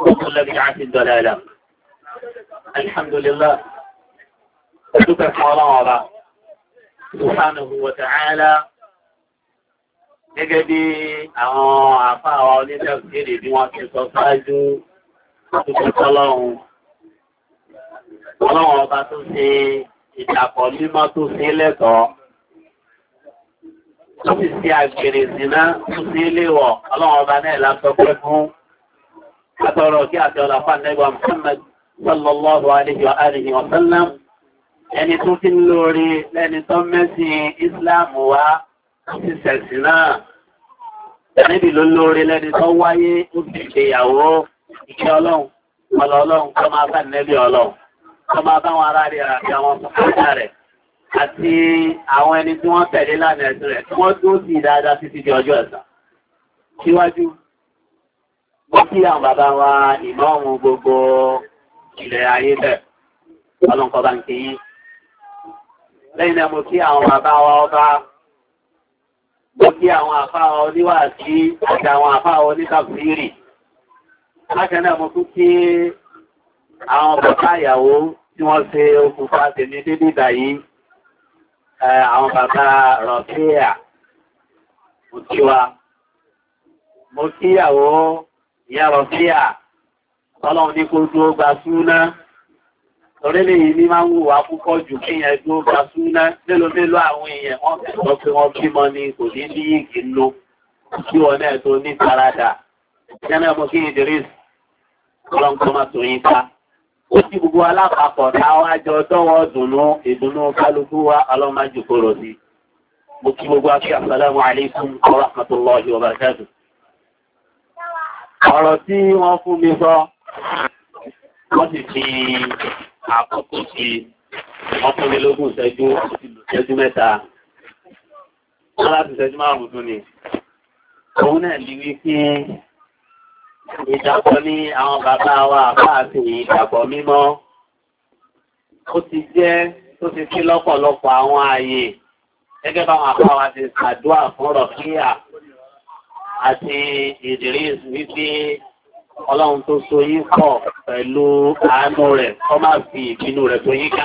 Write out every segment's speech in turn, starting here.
وكل بدعة الدلالة الحمد لله أدوك الحرارة سبحانه وتعالى ta'ala gẹ́gẹ́ bí àwọn àfáàwà onídàgbére bí wọ́n ti sọ sáájú tuntun tọ́lọ́run ọlọ́run ọba tó ṣe ìdàpọ̀ mímọ́ tó ṣe lẹ́tọ̀ọ́ tó sì ṣe àgbèrè síná tó ṣe léwọ̀ ọlọ́run ọba náà lásọpẹ́ àtọ̀rọ̀ kí àti ọ̀là fàánẹ́gbà Muhammad sallallahu alaihi wa alihi wa sallam ẹni tó ti lórí lẹ́ni tó mẹ́sìn Islam wá ti sẹ̀sì náà ẹnibi ló lórí lẹ́ni tó wáyé ó ti ṣèyàwó ìṣẹ́ ọlọ́run ọlọ́run àti àwọn ẹni tí wọ́n tẹ̀lé lánàá ẹ̀sìn rẹ̀ wọ́n tó sì dáadáa títí di ọjọ́ ẹ̀san síwájú ó kí àwọn bàbá wa ìmọ̀ọ́mù gbogbo ilẹ̀ ayé bẹ̀ ọlọ́nkọba ń kí yín lẹ́yìn náà mo kí àwọn bàbá wa ọba mo kí àwọn àfá wa oníwàásí àti àwọn àfá wa onítàfírì láti náà mo tún kí àwọn bàbá ìyàwó tí wọ́n ṣe okùnfà tèmi dédé báyìí àwọn bàbá rọ̀fíà mo kí wa ìyá rọ̀bíà ọlọ́run ní kó dúró gba súná orílẹ̀ yìí ní máa ń wùwà púpọ̀ jù kí yẹn dúró gba súná mélòó mélòó àwọn èèyàn wọ́n fẹ́ sọ pé wọ́n bímọ ni kò ní ní yìí nú kí wọn náà tó ní farada jẹ́nà mo kí Idris ọlọ́run kọ́ máa tó yín ká ó sì gbogbo alápapọ̀ táwọn àjọ dọ́wọ́ dùnú ìdùnnú kálukú wa ọlọ́run máa jù kúrò sí mo kí gbogbo akí assalamu alaikum wa rahmatullahi wa barakatuh ọ̀rọ̀ tí wọ́n fún mi sọ wọ́n sì fi àkókò sí ọkùnrinlógún ìṣẹ́jú ìṣẹ́jú mẹ́ta wọ́n láti ìṣẹ́jú márùn-ún tó ní òun náà lè wí pé ìdàpọ̀ ní àwọn bàbá wa àbá ìdàpọ̀ mímọ́ ó ti jẹ́ tó ti sí lọ́pọ̀lọpọ̀ àwọn ààyè gẹ́gẹ́ báwọn àbá wa ti ṣàdúà fún rọ̀kíyà àti Idris wípé ọlọ́run tó so yín pọ̀ pẹ̀lú àánú rẹ̀ kọ́ máa fi ìbínú rẹ̀ tó yín ká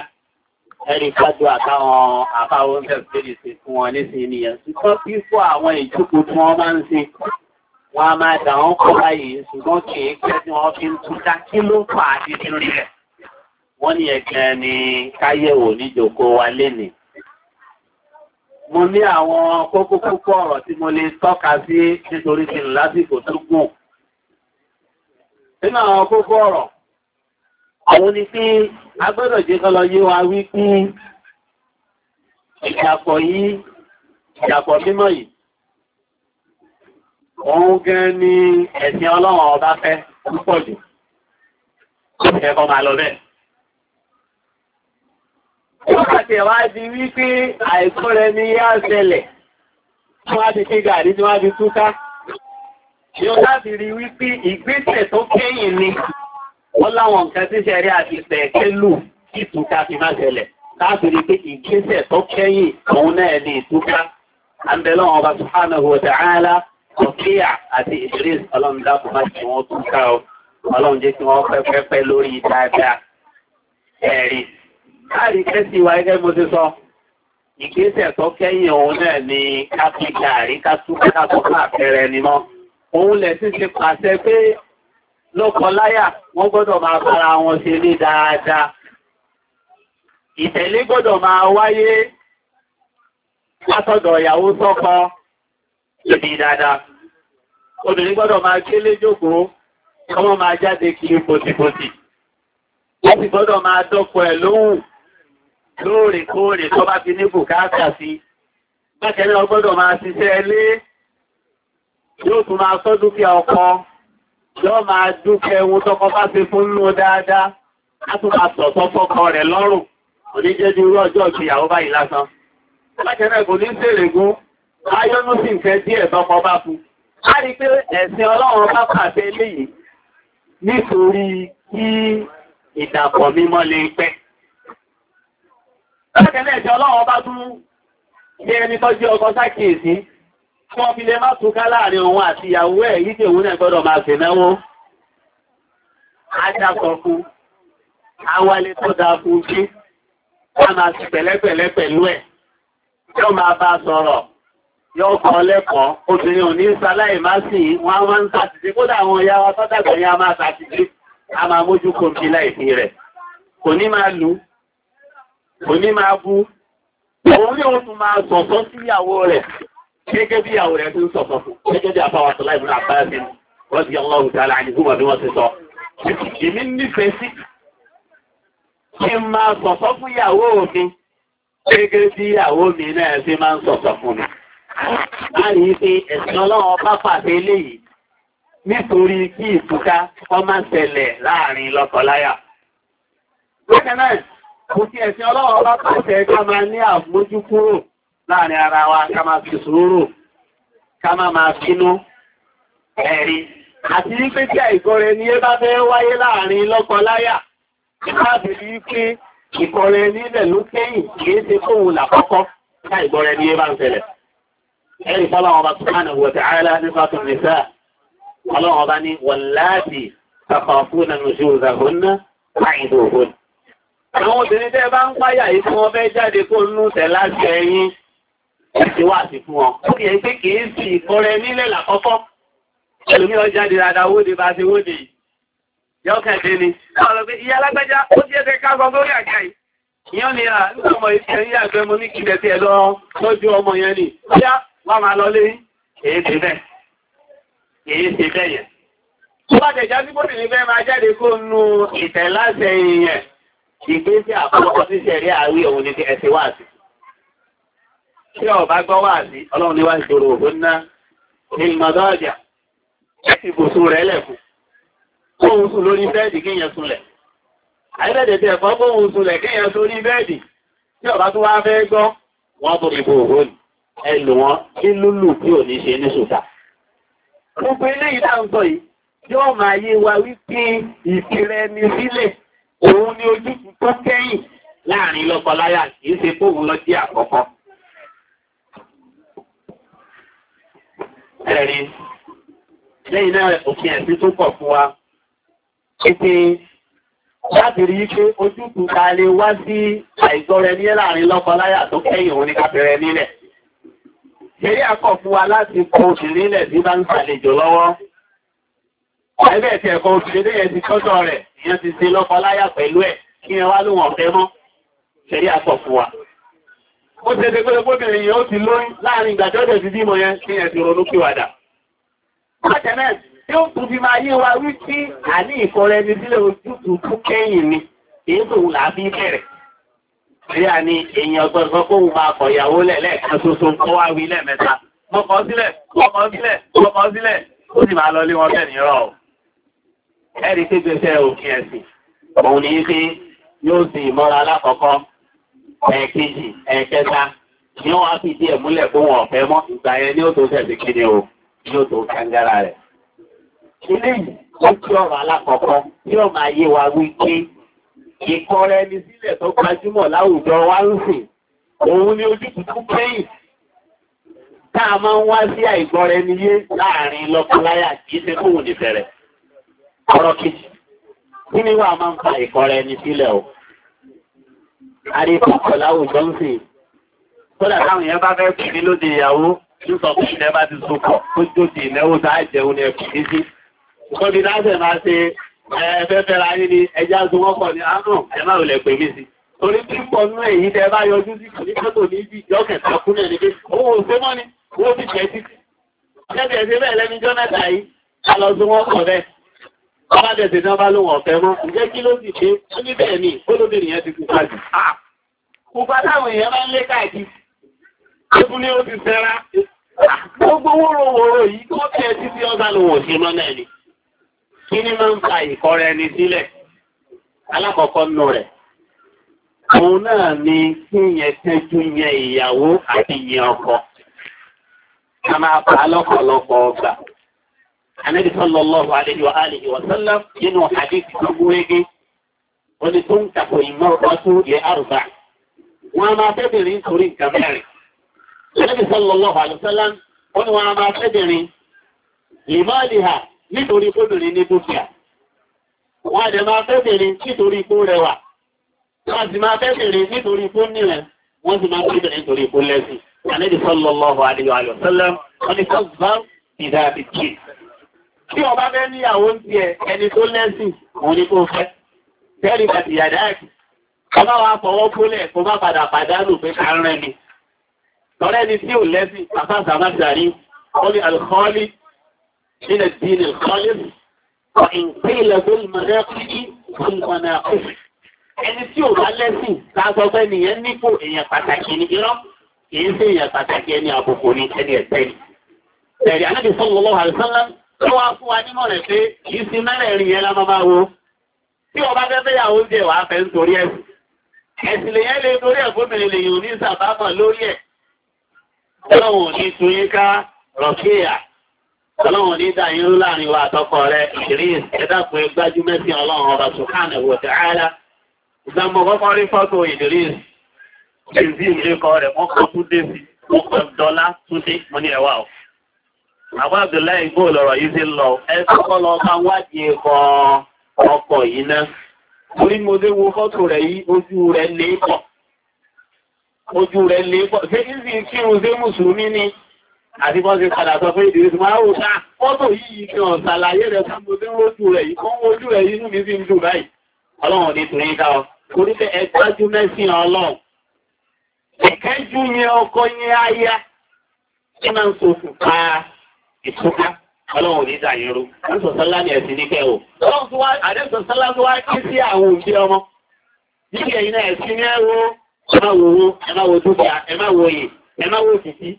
ẹni kájú àtàwọn àbáwọn oúnjẹ fèrè sí fún wọn nísìnyí nìyẹn ṣùgbọ́n fífọ́ àwọn ìjókòó tí wọ́n máa ń se wọ́n á máa dà wọ́n kọ́ báyìí ṣùgbọ́n kì í pẹ́ tí wọ́n fi ń túká kí ló fà á ti rí rẹ̀ wọ́n ní ẹ̀gẹ́ ni káyẹ̀wò níjòkó wa lénìí mo ní àwọn kókó kókó ọ̀rọ̀ tí mo lè tọ́ka sí nítorí ti lásìkò tó gùn. Nínú àwọn kókó ọ̀rọ̀, àwọn ni pé agbọ́dọ̀ jẹ́ kọ́ lọ yé wa wí pé ìjàpọ̀ yìí, ìjàpọ̀ mímọ̀ yìí, òun gẹ́ ni ẹ̀sìn ọlọ́run ọba fẹ́ púpọ̀ jù. Ẹ̀kọ́ máa lọ bẹ́ẹ̀. Ọ̀pàtẹ̀wádìí wípé àìkọ́rẹ ni yá ṣẹlẹ̀, tí wá ti fi gàrí tí wá ti túká. Yóò láti rí wípé ìgbésẹ̀ tó kẹ́yìn ni, wọ́n láwọn nǹkan tí ṣẹ̀rí àti ìfẹ̀ẹ́kẹ́ lù kí ìtúká fi máa ṣẹlẹ̀. Láti rí pé ìgbésẹ̀ tó kẹ́yìn òun náà ni ìtúká. Àbẹ̀lọ́wọ̀n ọba Subhanahu wa ta'ala, Ọkíyà àti Ìdírísì láàrin kẹ́sì ìwà ẹgẹ́ mo ti sọ ìgbésẹ̀ tó kẹ́yìn òun náà ni kápítà rí kátúkátàkọ́ káàpẹrẹ ni mọ́ òun lẹ̀ sí ti pàṣẹ pé lọ́kọláyà wọ́n gbọ́dọ̀ máa bára wọn ṣe ní dáadáa ìtẹ̀lé gbọ́dọ̀ máa wáyé látọ̀dọ̀ ìyàwó sọ́kọ ìbí dáadáa obìnrin gbọ́dọ̀ máa kélé jókòó kọ́mọ́ máa jáde kí pòtìpòtì wọ́n sì gbọ́dọ̀ máa dọ́kọ̀ ẹ̀ lóhùn lóòrèkóòrè tó bá fi ní bùkátà sí. Bákẹ́lẹ́ ọgbọ́dọ̀ máa ṣiṣẹ́ ilé, yóò tún máa sọ dúkìá ọkọ, yóò máa dúkẹ́ ohun tọ́kọ bá ṣe fún nínú dáadáa, á tún máa sọ̀tọ́ fọ́kọ rẹ̀ lọ́rùn, kò ní jẹ́ di irú ọjọ́ ìgbéyàwó báyìí A rí pé ẹ̀sìn Ọlọ́run bá pàṣẹ eléyìí nítorí kí ìdàpọ̀ mímọ́ lè pẹ́. Lákẹ̀lẹ́ ìjọ ọlọ́wọ́ bá tún ní ẹni tó jẹ́ ọkọ sákìyèsí, tí wọ́n fi lè má túká láàrin òun àti ìyàwó ẹ̀ yí tí òun náà gbọ́dọ̀ máa fẹ̀ náwó. Ajá sọ fún, awálé tó dáa fún kí, wọ́n máa sì pẹ̀lẹ́pẹ̀lẹ́ pẹ̀lú ẹ̀, yóò máa bá sọ̀rọ̀, yóò kọ́ lẹ́kọ̀ọ́, obìnrin ò ní sáláì òní máa bú òun ní òun tún máa sọ̀tọ́ sí ìyàwó rẹ̀ gẹ́gẹ́ bí ìyàwó rẹ̀ tí ń sọ̀tọ̀ gẹ́gẹ́ bí àbáwà tó láìbùn àbáyàsí wọ́n ti yàwó ọ̀rùn tààlà àdìgúnmọ̀ bí wọ́n ti sọ èmi nífẹ̀ẹ́ sí kí n máa sọ̀tọ̀ fún ìyàwó mi gẹ́gẹ́ bí ìyàwó mi náà ṣe máa ń sọ̀tọ̀ fún mi láàrin pé ẹ̀sìn ọlọ́run bá pàṣẹ eléyìí nítorí kí ìtúká kọ́ máa láàrin lọ́kọláya. Bákan náà, Kò sí ẹ̀sìn ọlọ́wọ́ bá pàṣẹ ká máa ní àmójú kúrò láàrin ara wa ká máa fi sùúrù, ká máa máa bínú ẹ̀rí. Àti wípé tí àìgọ́rẹ ni é bá fẹ́ wáyé láàrin lọ́kọ láyà, láàbìrí wípé ìkọrẹ nílẹ̀ ló kẹ́yìn kìí ṣe fóun làkọ́kọ́ ká ìgbọ́rẹ ni ṣẹlẹ̀. Ẹ̀rí fọ́lọ́wọ́ àwọn obìnrin tẹ́ bá ń páyà yìí fún wọn fẹ́ jáde kó nú tẹ̀ láti ẹ̀yìn ẹ̀sìn wà sí fún wọn ó yẹ pé kìí sí ìkọrẹ nílẹ̀ lákọ́kọ́ ẹlòmí ọjáde rádá wóde bá ti wóde yọ́kẹ̀dé ni ìyá alágbẹ́já ó ti ẹ̀fẹ́ ká gbogbo orí àjá yìí ìyán ni ọmọ ìṣẹ́rí àgbẹ́ mo ní kílẹ̀ tí ẹ lọ lójú ọmọ yẹn ni bóyá wà máa lọ lé èyí ti bẹ́ẹ̀ ìgbésẹ̀ àkọ́kọ́ sí ṣẹ̀rí àwí òun ni ẹ̀sẹ̀ wà sí. Ṣé ọba gbọ́ wà sí ọlọ́run ni wá ìṣòro òun ná ní ìmọ̀dọ́ọ̀jà ẹ̀sì bùsùn rẹ̀ lẹ̀kù. Kóhun sùn lórí bẹ́ẹ̀dì kíyàn sunlẹ̀. Àìbẹ̀dẹ̀ tẹ̀ fọ́ kóhun sunlẹ̀ kíyàn sórí bẹ́ẹ̀dì. Ṣé ọba tó wá fẹ́ gbọ́? Wọ́n tó ìbò òun ẹlù wọn kí lúlù tí ò ní ṣe ní ṣùtà. wa wípé ìfìrẹni sílẹ̀ òun ni ojútùú tó kẹ́yìn láàrin lọ́kọláyà kìí ṣe fóun lọ sí àkọ́kọ́. Ẹ̀rí lẹ́yìn náà òfin ẹ̀sìn tó pọ̀ fún wa. Ètè láti rí pé ojútùú ta lè wá sí àìgbọ́rẹ ní láàrin lọ́kọláyà tó kẹ́yìn òun ní kápẹrẹ nílẹ̀. Ṣeré àkọ́ fún wa láti kọ obìnrin nílẹ̀ bí bá ń ṣàlejò lọ́wọ́. Ẹgbẹ́ ẹ̀kọ́ obìnrin yẹn ti tọ́jọ́ rẹ̀, ìyẹn ti ṣe lọ́kọláyà pẹ̀lú ẹ̀ kí ẹ wá ló wọ̀n fẹ́ mọ́ ṣẹ̀rí àpọ̀ ó ṣe ṣe pẹ́lẹ́ pọ́bìnrin yóò ti lóyún láàrin ìgbàjọ́jọ́ ti bímọ yẹn kí ẹ ti ronú kíwàdà ó sì máa lọ lé wọn bẹ́ẹ̀ nírọ̀ ẹ̀rí pé gbèsè òfin ẹ̀sìn òun ní í yóò sì ìmọ́ra alákọ̀ọ́kọ́ ẹ̀ẹ̀kejì ẹ̀ẹ̀kẹta ni wọ́n á fi díẹ̀ múlẹ̀ fún wọn ọ̀fẹ́ mọ́ ìgbà yẹn ní ó tó sẹ̀ sí kíni o ní ó tó kángára rẹ̀. ilé yìí ó kí ọ̀rọ̀ alákọ̀ọ́kọ́ tí ó máa yé wa wí pé ìkọrẹ ẹni sílẹ̀ tó gbajúmọ̀ láwùjọ wa ń sìn òun ni ojú tuntun kẹ́yìn tá a máa ń wá sí àìgbọ́ra yé láàrin lọ́kọláyà kì í ṣe fóun nìfẹ̀rẹ̀ ọ̀rọ̀ kejì kí ni wà máa ń fa ìkọrẹ ẹni sílẹ̀ o àrí púpọ̀ láwùjọ ń sìn kódà táwọn èèyàn bá fẹ́ kìí lóde ìyàwó ń sọ pé ilẹ̀ bá ti sopọ̀ tó jòdì ìnáwó tá a jẹun ní ẹkùn ní sí ìkọ́bí láṣẹ máa ṣe ẹ̀ẹ́fẹ́fẹ́ ra yín ni ẹja tó wọ́n pọ̀ ní àánú ah, ẹ má olè pè mí sí torí pípọ̀ nú èyí tẹ́ bá yọjú sí kò ní kọ́tò ní ibi yọkẹ̀ takúnẹ̀ ní bẹ́ẹ̀ lẹ́ni jọ́nẹ́ta yìí a lọ sí wọ́n pọ̀ bẹ́ẹ̀ Bàbá dẹ̀dẹ̀ náà bá ló wọ̀n fẹ́ mọ́, ǹjẹ́ kí ló sì ṣe, ó ní bẹ́ẹ̀ ni, olóbìnrin yẹn ti kú pàdù. Ah, Kùpá táwọn èèyàn bá ń lé káàkiri, kébú ní ó ti fẹ́ra. Ah, gbogbo wóró wóró yìí tó tẹ̀ títí ọba ló wọ̀ ṣe mọ́ náà ni. Kí ni máa ń fa ìkọrẹ ẹni sílẹ̀? Alákọ̀ọ́kọ́ nù rẹ̀. Òun náà ni kí yẹn tẹ́jú yẹn ìyàwó àti yẹn ọkọ. A máa fà á lọ́pọ̀lọpọ̀ ọgbà. Ànábì sallallahu alayhi wa alihi wa sallam nínú hadith gbogbogbò wani tó ń tako ìmọ̀ ọtún yẹ àrùbá. Wọ́n a máa fẹ́bìnrin nítorí nǹkan mẹ́rin. Ànábì sallallahu alayhi wa sallam wọ́n ni wọ́n a máa fẹ́bìnrin Tí ọba bẹ́ níyàwó ti ẹ̀ ẹni tó lẹ́sìn òun ni kó fẹ́. Tẹ́rì bàtì yàdáàkì. Ọba wa fọwọ́ kólẹ̀ kó má padà pàdánù pé ká rẹ̀ ni. Lọ́rẹ́ ni tí ò lẹ́sìn bàbá Sàmásàrí, ó ní alkọ́ọ́lì, nílẹ̀ dín alkọ́ọ́lì, ọ̀ìn pínlẹ̀ tó mọ̀rẹ́ kí ó mọ̀nà ọ̀fẹ́. Ẹni tí ò bá lẹ́sìn, ká ní ẹni ẹ̀tẹ́ ni. Ẹ̀rì anábì sallallahu tó wá fún wa nímọ̀rẹ̀ pé kìí sí mẹ́rẹ̀ẹ̀rin yẹn lábá máa wo tí ọba fẹ́fẹ́ yà oúnjẹ wà fẹ́ nítorí ẹ̀ ẹ̀sìn lèyẹn lè torí ẹ̀ gómìnir lèyìn ní sàbámọ̀ lórí ẹ̀ ọlọ́run ní túnyí ká rọ̀kíyà ọlọ́run ní dáyínrú láàrin wa àtọkọ rẹ̀ ìrìn ẹ̀dàkùn ẹgbájú mẹ́sìn ọlọ́run ọba sùkánà wò tààlà ìgbàmọ̀ kọ́kọ́ rí fọ́tò ìdírísì ìdí ìlékọ́ rẹ̀ wọ́n kọ́ túndé sí wọ́n kọ́ dọ́lá túndé mọ́ ní ẹ̀wà ọ̀ àwọn Abdullahi gbó lọ́rọ̀ yìí ti lọ ẹ kọ́kọ́ lọ bá wádìí kan ọkọ̀ yìí náà torí mo dé wo fọ́tò rẹ̀ yìí ojú rẹ̀ lépọ̀ ojú rẹ̀ lépọ̀ ṣé kí sì kírun sí mùsùlùmí ni àti bọ́n ti padà sọ pé ìdírí máa wò sáà fọ́tò yìí ni ọ̀sàlàyé rẹ̀ ká mo dé ojú rẹ̀ yìí kọ́ ojú rẹ̀ yìí mi sí ń dùn báyìí ọlọ́run ní tòun ká ọ torí pé ẹ gbájú mẹ́sìn ọlọ́run ẹ̀kẹ́jú ni ọkọ yẹn aya ẹ máa ń sọ fún ìtúká ọlọ́run ní ìdàyẹrú àdẹ́sọ̀sọ́lá ni ẹ̀sìn ní kẹ́ o àdẹ́sọ̀sọ́lá tó wá kí sí àwọn òbí ọmọ nígbà ẹ̀yìn náà ẹ̀sìn ní ẹ̀wọ́ ẹ̀máwòwó ẹ̀máwò dúkìá ẹ̀máwòyè ẹ̀máwò òkìkí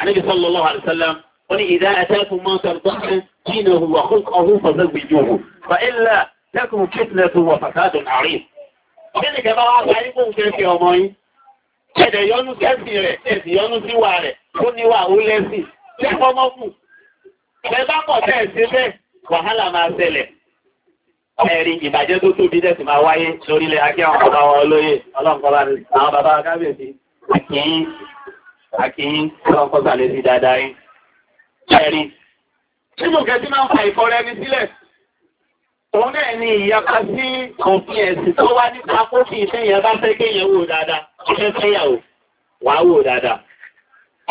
ànábì sallallahu alaihi wasallam ó ní idha ataakum man tardawna dinahu wa khuluquhu fazawwijuhu fa illa takun fitnatun wa fasadun 'arim ọ̀gbẹ́ni kẹfà wá parí kóhun kẹ́ fi ọmọ yín ẹ̀dẹ̀ Tẹ́kọ́ mọ́ kù. Ẹ bá pọ̀ tẹ́ ṣe bẹ́ẹ̀, wàhálà máa ṣẹlẹ̀. Ẹ̀rí ìbàjẹ́ tó tóbi dẹ̀ sì máa wáyé lórílẹ̀ akí àwọn bàbá wọn olóyè, ọlọ́nkọ́lá ni àwọn bàbá kábíyèsí, àkíyín, àkíyín, ọlọ́nkọ́sà lè fi dáadáa yín. Ẹ̀rí. Nínú kẹ́ sí máa ń fa ìfọ̀rẹ́ ẹni sílẹ̀. Òun náà ni ìyapa sí òfin ẹ̀sìn tó wá nípa kófin ìfẹ́ yẹn bá fẹ́ kéèyàn wò dáadáa, ìfẹ́ fẹ́yàwó, wàá wò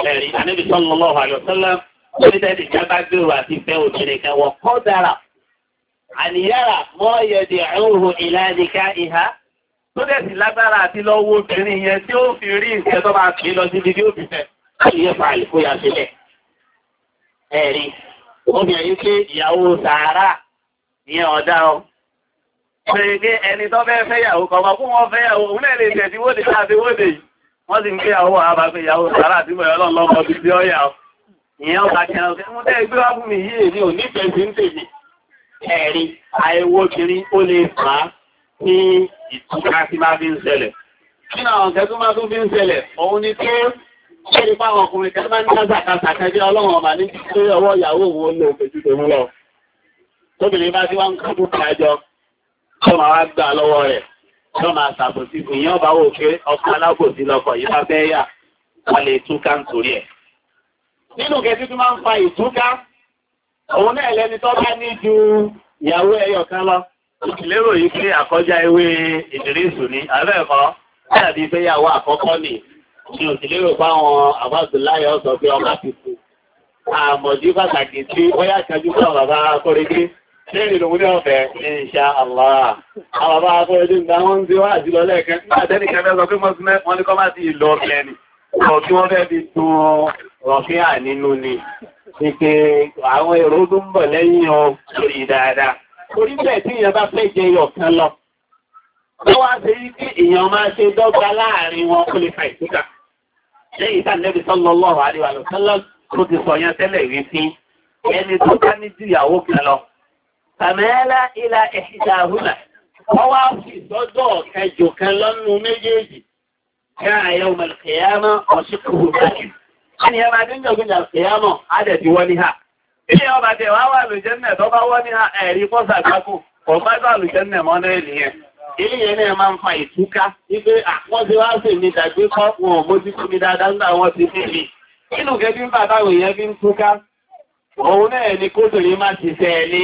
ẹ̀rí àníbi sallallahu alaihi wasallam onítẹ̀sí jábá gbèrò àti fẹ́ obìnrin kan wọ̀ kọ́ dára àníyára mọ́ yẹ̀dẹ̀ ẹ̀rù ìlànìká ìhá tó dẹ̀sí lágbára àti lọ́wọ́ obìnrin yẹn tí ó fi rí ìṣẹ́ tó máa fi lọ sí ibi ó fi fẹ́ láti yẹ fàálì kó ya sílẹ̀ ẹ̀rí obìnrin yìí pé ìyàwó sàárà ìyẹn ọ̀dá ọ pé ẹni tó fẹ́ fẹ́yàwó kọ̀ọ̀kan fún wọn fẹ́yàwó wọ́n sì ń pé àwọn àbàgbé ìyàwó sàárà àti ìwẹ̀ ọlọ́lọ́mọ bí bí ọ́yà ìyẹn ọ̀gá kí ẹran fẹ́ mú tẹ́ wá fún mi yìí èmi ò sí ń tèmi ẹ̀rí àìwọ́ kiri ó lè fà á ní ìtúká sí máa fi ń ṣẹlẹ̀ kí ni àwọn kẹ́tún máa tún fi ń ṣẹlẹ̀ òun ni pé ṣé ní pàwọn ọkùnrin kẹ́tún máa ń ká sàkàsà kẹ́bí ọlọ́run ọ̀mà ní pé ọwọ́ ìyàwó òun lè fèjú tèmi lọ tóbìnrin bá ti wá ń kájú kájọ tó máa wá gbà lọ́wọ́ rẹ̀ yọ́ máa ṣàbòsí fún ìyẹn ọba wò pé ọkọ̀ alábòsí lọ́kọ̀ yìí bá bẹ́ yà wọ́n lè túká nítorí ẹ̀. nínú kẹtí tó máa ń fa ìtúká òun náà lẹni tó bá ní ju ìyàwó ẹyọ kan lọ lérò yìí pé àkọjá ewé ìdírísù ni àbẹ́ ẹ̀kọ́ láàbí ìgbéyàwó àkọ́kọ́ nì ni ò sì lérò pé àwọn àbáṣùláyọ̀ sọ pé ọmọ ti kú àmọ̀dí pàtàkì tí ó yá Ṣéèrè lòun ní ọ̀fẹ́ insha Allah. Àwọn bá akọ́ ẹdún ìgbà wọ́n ń bí wá àjílọ lẹ́ẹ̀kẹ́. Àtẹ́ni kẹfẹ́ sọ pé mọ́sílẹ̀ wọ́n ní kọ́ máa ti lọ ọ̀fẹ́ ni. Ọ̀ tí wọ́n fẹ́ fi tún rọ̀fíà nínú ni. Ní pé àwọn èrò tó ń bọ̀ lẹ́yìn ọ lórí dáadáa. Orí bẹ́ẹ̀ tí èèyàn bá fẹ́ jẹ yọ̀ kan lọ. Wọ́n wá ṣe tàmẹ́lá ilá ìṣàhúnà wọ́n wá fi dọ́dọ̀ kẹjọ kan lọ́nu méjèèjì kí àyẹ̀wò mẹ́lẹ̀kẹ̀yàmọ́ ọ̀ṣíkòrò báyìí ẹni ẹba díjọ̀gbìn àṣẹyàmọ̀ adẹ̀bí wọ́n ní ha ilé ọba tẹ̀ wá wà lùjẹ́nẹ̀ tó bá wọ́n ní ha ẹ̀rí fọ́sàgbákò ọ̀pájọ́ lùjẹ́nẹ̀ mọ́ náà nìyẹn ilé yẹn náà máa ń fa ìtúká wípé àwọn tí wá inú kẹbí bàbá òyìn fi ń túká òun náà ni kóbìnrin má ti fẹ́ ní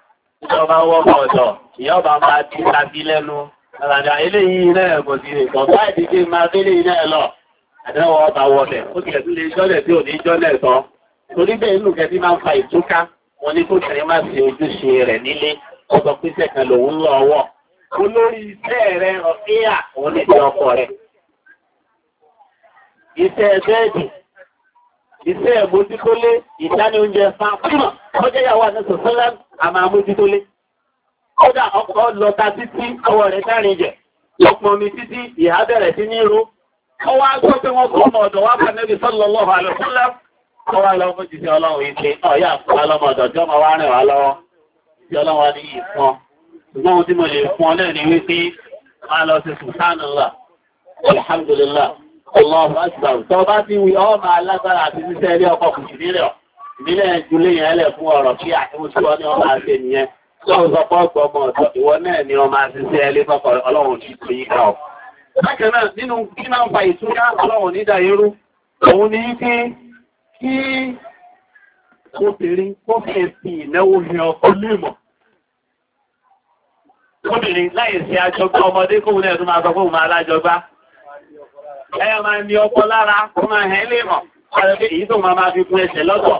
ìjọba wọ́pọ̀ ọ̀dọ̀ ìyọba máa ti tàbí lẹ́nu àràdà eléyìí náà kò sí nìkan bá ìdíje máa délé náà lọ àdáwọ̀ ọba wọlẹ̀ ó ti ẹ̀tún lè jọ́lẹ̀ tí ò ní jọ́lẹ̀ tán torí bẹ́ẹ̀ inú kẹtí máa ń fa ìtúká wọn ní kó kẹrin má ṣe ojúṣe rẹ̀ nílé ọgbọ̀n pínṣẹ̀ kan lòun lọ ọwọ́ olórí iṣẹ́ rẹ̀ ọ̀fíà òun ní ti ọkọ rẹ̀ iṣẹ́ bẹ́ẹ̀dì iṣẹ́ ìmójúkólé ìdáni oúnjẹ fáfúnà ọjọ́ ìyàwó àti sọ̀sọ́lá a máa mójú tó lé kódà ọkọ̀ lọta títí ọwọ́ rẹ̀ dárin jẹ̀ lọ́pọ̀ omi títí ìhá bẹ̀rẹ̀ sí ní irú ó wá gbọ́ pé wọ́n kọ́ ọmọ ọ̀dọ̀ wá bà nẹ́bí sọ́lọ́lọ́wọ́ àlọ́sọ́lá ó wá lọ mú jìsí ọlọ́run ìṣe ọ̀yà ọlọ́mọ ọ̀dọ̀ tí ọmọ wá rìn wá lọ́wọ́ fún ọ ìbílẹ̀ ìjúlé yẹn lẹ̀ fún ọ̀rọ̀ kí àtúnwò tí wọ́n ní ọmọ àṣẹ nìyẹn lọ́wọ́ sọpọ̀ ọgbọ̀ ọmọ ọ̀tọ̀ ìwọ náà ni ọmọ àṣìṣẹ́ ẹlé fọ́kọ̀ ọlọ́run ti tó yíká ọ̀. bákan náà nínú kí máa ń fa ìtúká ọlọ́run nídà irú òun ni pé kí obìnrin kó fẹ́ fi ìnáwó fi ọkọ lémọ̀. obìnrin láì sí àjọgbá ọmọdé kóhun náà tó máa sọ fóhun máa lájọgbá ẹ máa ní ọkọ lára kó máa hẹ́ lémọ̀ àti èyí tó máa máa fi kún ẹsẹ̀ lọ́tọ̀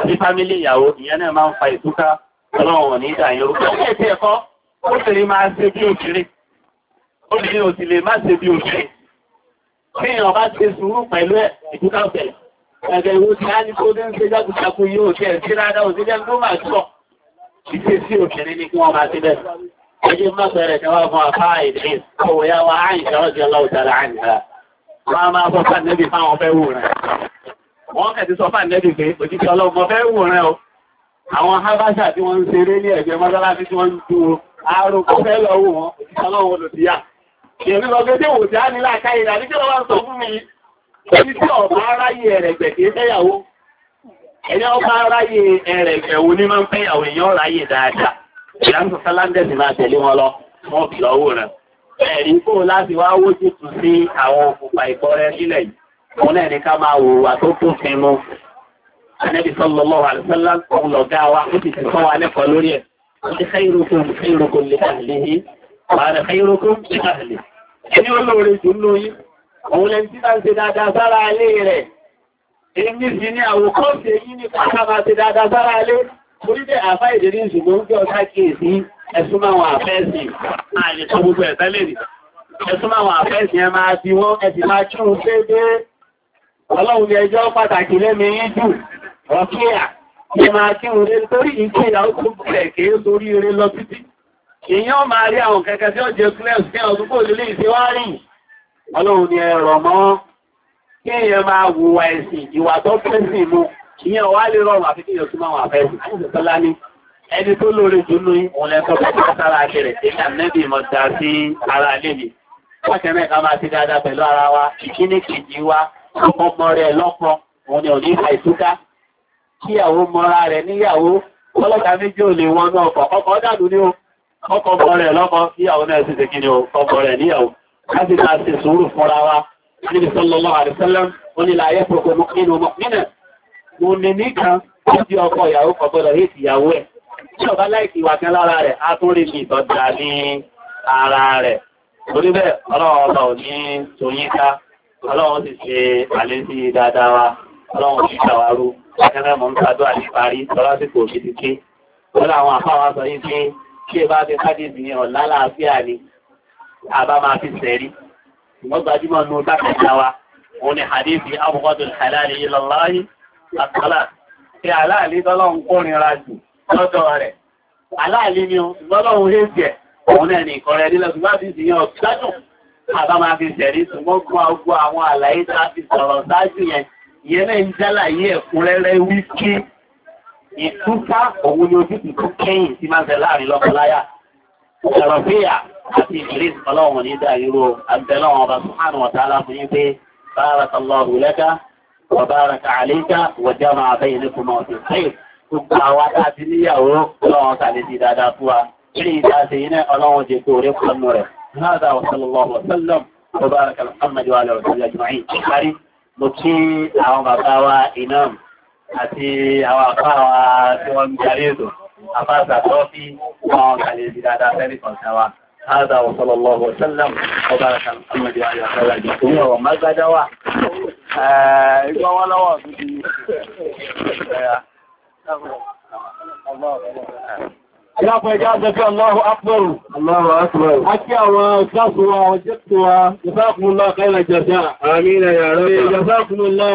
àti fámílì ìyàwó ìyẹn náà máa ń fa ìtúká ọlọ́run ní ìdáyìn orúkọ. Ó kẹ́ ẹ̀kọ́, ó sì rí máa ṣe bí òkèrè. Ó lè ní òsì lè má ṣe bí òkèrè. Bí èèyàn bá ṣe sùúrù pẹ̀lú ẹ̀ ìtúká ọ̀bẹ̀rẹ̀. Ẹ̀gẹ̀ ìwò ti á ní kó dé ń ṣe jákùjákù yóò ṣe ẹ̀ sí rárá òsì jẹ́ tó máa tọ̀. Ìṣe sí òkèrè ni kí wọ́n máa ṣe bẹ́ẹ̀. Ẹjẹ́ má bẹ̀rẹ̀ kan wá fún àfá ìdíyìn, ọwọ́ ya wa Àìṣà ọjọ́ lọ́wọ́ tààrà Àìṣà. Wọ́n á máa bọ́ wọ́n kẹ̀tí sọ fà nẹ́bì pé òjíkẹ́ ọlọ́mọ fẹ́ wòrán o àwọn habasha tí wọ́n ń ṣeré ní ẹ̀gbẹ́ mọ́sálásí tí wọ́n ń dúró àrùkọ́ fẹ́ lọ wò òjíkẹ́ ọlọ́run olùdíyà tí á ẹ̀rí kó láti wá wójú sí àwọn òkùnfà ìkọrẹ nílẹ̀ yìí òun náà ní ká máa wò wà tó tó fi mú anẹ́bí sallallahu alaihi wasallam òun lọ̀gá wa ó ti fi fún wa lẹ́kọ̀ọ́ lórí ẹ̀ ó ti khairukum khairukum li ahlihi wa ana khairukum li ahlihi ẹni olóore jù ló yí òun lẹ́ni tí máa ń ṣe dáadáa ẹ máa bí wọ́n ẹ̀sìn máa kírun déédéé Ọlọ́run ni ẹjọ́ pàtàkì lẹ́mi yíjù, ọ̀kíyà, ní máa kí òun lè torí ìkíyà ó tó bẹ̀rẹ̀ kí ó torí eré lọ títí. Èyàn máa rí àwọn kẹ̀kẹ́ tí ó jẹ kílẹ̀sì kí ọdún kò lè ṣe wá rìn. Ọlọ́run ni ẹ̀rọ mọ́ kí èyàn máa wùwà ẹ̀sìn ìwà tó pẹ́sì mú. Ìyẹn wá lè Ẹni tó lóore jù ní pẹ̀lú sára akẹrẹ̀, èyí àmì mọ̀ta sí ara lè Wọ́n kẹ́mẹ́ ká máa ti dáadáa pẹ̀lú ara wa, ìkíní kejì wa, ọkọ̀ mọ́ rẹ̀ lọ́pọ̀ òun ni òní ìfà ìtúká kíyàwó mọ́ra rẹ̀ níyàwó ọlọ́ta méjì ò lè wọnú ọkọ̀ ọkọ̀ dàdú ní ọkọ̀ mọ́ rẹ̀ lọ́pọ̀ kíyàwó náà sì tẹ́kí ni ọkọ̀ rẹ̀ sallallahu alaihi wasallam ó ní láyé pòkò nínú mọ́kínà mo ní nìkan ó di ọkọ̀ ìyàwó kọ̀ gbọ́dọ̀ hìtì ìyàwó ẹ̀ tí ọba láìkì ìwà kan lára rẹ̀ á tún rí mi ìtọ́jà ní tòyíká ọlọ́run ti ṣe àlésí dáadáa wa ọlọ́run ti ṣàwárú akẹ́rẹ́ mọ̀ ń sàdó àlíparí tọ́lásìkò òbí ti ké wọ́n àwọn àfáwà sọ yí pé kí ẹ bá fi kádìsì ní ọ̀la láàfíà ni àbá máa fi sẹ̀rí ìwọ́n gbajúmọ̀ nù dákẹ́ta wa òun ni hadisi abúgbọ́dọ̀ àláàlì ìlọ́láyí àtọ́lá tí aláàlì tọ́lọ́run kórìnra jù lọ́dọ̀ rẹ̀ aláàlì ni ọlọ́run hẹ́ẹ̀jẹ̀ òun náà ní ìkọrẹ́ nílẹ̀ àbá máa fi ṣẹ̀rí ṣùgbọ́n gbọ́ ọgbọ́ àwọn àlàyé tá a fi sọ̀rọ̀ ṣáájú yẹn ìyẹn náà ń jálàyé ẹ̀kúnrẹ́rẹ́ wípé ìtúfá òun ni ojú tó kẹ́yìn tí máa ń ṣe láàrin lọ́kọláyà ọ̀rọ̀ fíyà àti ìbílẹ̀ ọlọ́run ní dàríro àbẹ̀lọ́run ọba sùhánù ọ̀tàlá fún yín pé báraka lọ́rù هذا وصلى الله وسلم وبارك على محمد وعلى وسلم اجمعين kárí mo kí àwọn bàbá wa imam àti àwọn àpá wa tí wọ́n ń jarí ètò àpáta tọ́fí wọn kàlẹ̀ ìdí dáadáa fẹ́rí kọ̀ọ̀tà wa هذا وصلى الله وسلم وبارك على محمد وعلى وسلم اجمعين وما gbádá wà ẹgbọ́n wọn lọ́wọ́ Ìlàpọ̀ ẹjá jẹ́kẹ́ Allahu Akbar. Allahu Akbar. A kí àwọn ìsáàkùnwà ọjọ́ tó wa, ìsáàkùnlá kẹ́lẹ̀ jẹ́jẹ́. Àmì